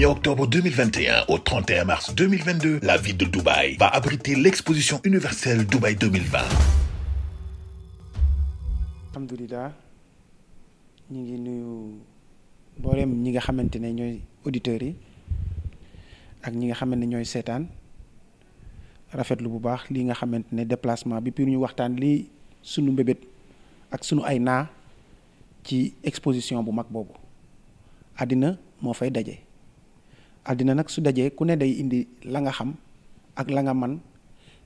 1er octobre 2021 au 31 mars 2022, la ville de Dubaï va abriter l'exposition universelle Dubaï 2020. alhamdulilah ñu ngi nuyu mboolem ñi nga xamante ne ñooy auditeurs yi ak ñi nga xamante ne ñooy seetaan rafetlu bu baax lii nga xamante ne déplacement bi pour ñu waxtaan lii sunu mbébét ak sunu ay naa ci exposition bu mag boobu àddina moo fay daje àddina nag su dajee ku ne day indi la nga xam ak la nga man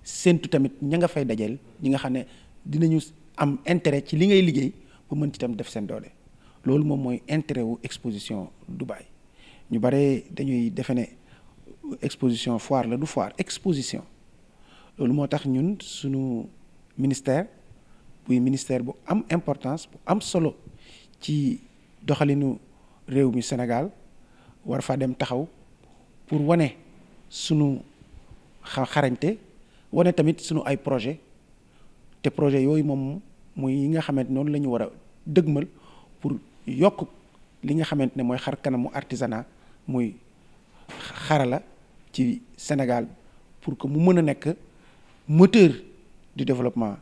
séentu tamit ña nga fay dajeel ñi nga xam ne dinañu am intérêt ci li ngay liggéey ba mën ci tam def seen doole loolu moom mooy intérêt wu exposition Dubaï ñu bare dañuy defe ne exposition foire la du foire exposition loolu moo tax ñun suñu ministère buy ministère bu am importance bu am solo ci doxalinu réew mi Sénégal war fa dem taxaw pour wane sunu xarañte wane tamit sunu ay projet te projet yooyu moom muy yi nga xamante noonu la ñu war a dëgmal pour yokk li nga xamante ne mooy xar kanamu artisanat muy xarala ci Sénégal pour que mu mën a nekk moteur du développement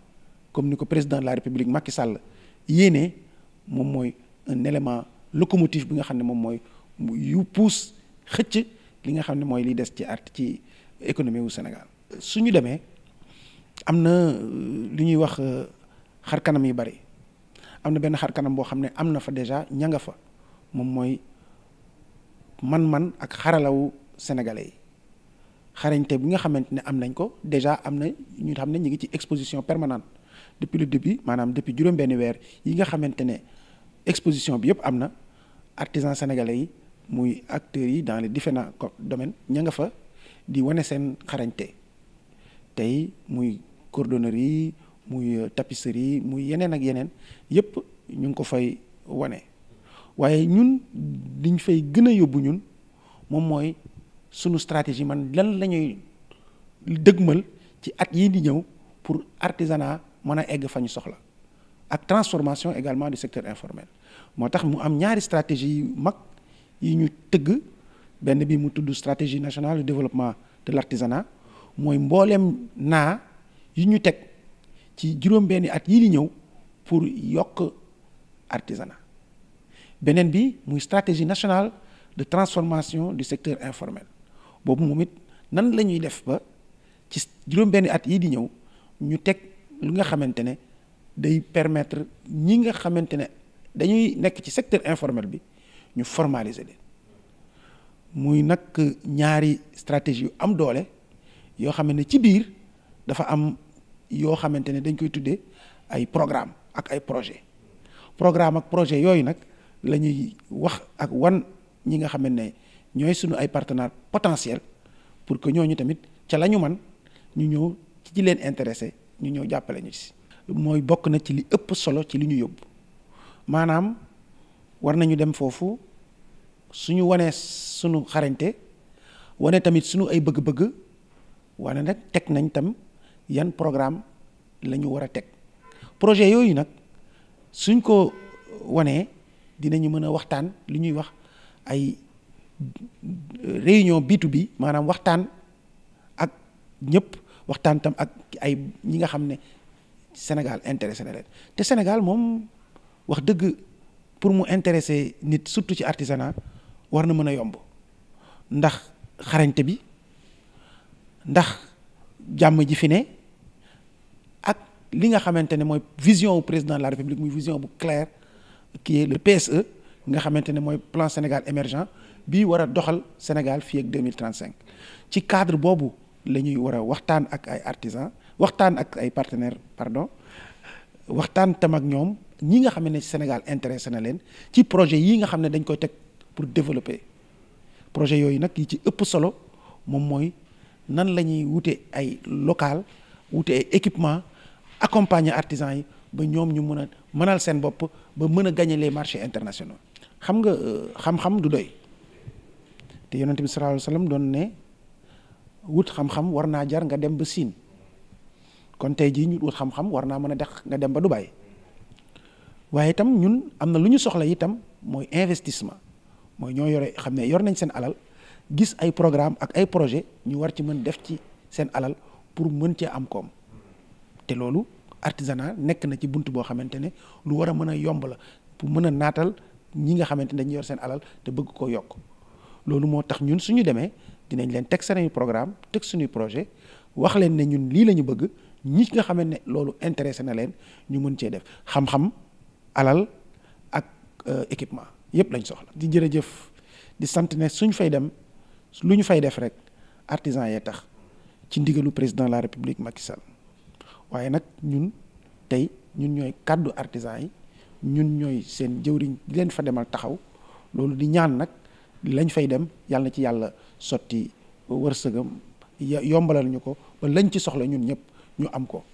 comme ni ko président de la République Macky Sall yéene moom mooy un élément locomotive bi nga xam ne moom mooy yu puus xëcc li nga xam ne mooy li des ci art ci économie wu su ñu demee am na euh, lu ñuy wax euh, xar kanam yu bari am na benn xar kanam boo xam ne am na fa déjà ña nga fa moom mooy man-man ak xaralawu sénégalais yi xarañte bi nga xamante ne am nañ ko déjà am na ñu xam ne ñu ngi ci exposition permanente depuis le début maanaam depuis juróom-benn weer yi nga xamante ne exposition bi yëpp am na artisan sénégalais yi muy acteurs yi dans les différents domaines ña nga fa di wane seen xarañte tey muy cordonnerie muy euh, tapisserie muy yeneen ak yeneen yëpp ñu ngi ko fay wane waaye ñun liñ fay gën a yóbbu ñun moom mooy sunu stratégie man lan la ñuy dëgmal ci at yii di ñëw pour artisanat mën a egg fa ñu soxla ak transformation également du secteur informel moo tax mu am ñaari stratégie yu mag yi ñu tëgg benn bi mu tudd stratégie nationale de développement de l'artisanat mooy mbooleem naa yi ñu teg ci juróom-benni at yii di ñëw pour yokk artisanat beneen bi muy stratégie nationale de transformation du secteur informel boobu moom it nan la ñuy def ba ci juróom-benni at yii di ñëw ñu teg lu nga xamante ne day permettre ñi nga xamante ne dañuy nekk ci secteur informel bi ñu formaliser leen muy nag ñaari stratégie yu am doole yoo xam ne ci biir dafa am yoo xamante ne dañ koy tudde ay programme ak ay projet programme ak projet yooyu nag la ñuy wax ak wan ñi nga xamante ne ñooy suñu ay partenaires potentiels pour que ñooñu tamit ca la ñu man ñu ñëw ci ci leen intéressé ñu ñëw jàppale ñu ci. mooy bokk na ci li ëpp solo ci li ñu yóbbu maanaam. war nañu dem foofu suñu wanee suñu xarañte wane tamit suñu ay bëgg-bëgg wane nag teg nañ tam yan programme la ñu war a teg projet yooyu nag suñ ko wanee dinañu mën a waxtaan li ñuy wax ay réunion b bi maanaam waxtaan ak ñëpp waxtaan tam ak ay ñi nga xam ne Sénégal intéressé na te Sénégal moom wax dëgg pour mu intéresser nit surtout ci artisanat war na mën a yomb ndax xarañte bi ndax jàmm ji fi ne ak li nga xamante ne mooy vision wu président de la république muy vision bu claire qui est le PSE nga xamante ne mooy plan Sénégal émergent bii war a doxal Sénégal fii ak 2035 ci cadre boobu la ñuy war a waxtaan ak ay artisans waxtaan ak ay partenaires pardon waxtaan tam ak ñoom ñi nga xam ne Sénégal intéressé na leen ci projet yi nga xam ne dañ koy teg pour développer projet yooyu nag yi ci ëpp solo moom mooy nan la ñuy wute ay local wute ay équipement accompagner artisans yi ba ñoom ñu mën a mënal seen bopp ba mën a gañalee marché international xam nga euh, xam-xam du doy te yonent bi sallallahu alayhi wasallam doon ne wut xam-xam war naa jar nga dem ba Siin kon tey jii ñu ut xam-xam war naa mën a dex nga dem ba Dubaï waaye itam ñun am na lu ñu soxla itam mooy investissement mooy ñoo yore xam ne yor nañ seen alal gis ay programme ak ay projet ñu war ci mën def ci seen alal pour mën cee am koom te loolu artisanat nekk na ci bunt boo xamante ne lu war a mën a yomb la pour mën a naatal ñi nga xamante ne dañuy yor seen alal te bëgg ko yokk loolu moo tax ñun suñu demee dinañ leen teg seen programme teg suñuy projet wax leen ne ñun lii la ñu bëgg ñi nga xamante ne loolu intéressé na leen ñu mën cee def xam-xam alal ak euh, équipement yépp lañ soxla di jërëjëf di sant ne suñ fay dem lu ñu fay def rek artisan yee tax ci ndigalu président la république Macky Sall waaye nag ñun tey ñun ñooy kàddu artisan yi ñun ñooy seen jëwriñ di leen fa demal taxaw loolu di ñaan nag lañ fay dem yàlla ci yàlla sotti wërsëgam yombalal ñu ko ba lañ ci soxla ñun ñëpp ñu am ko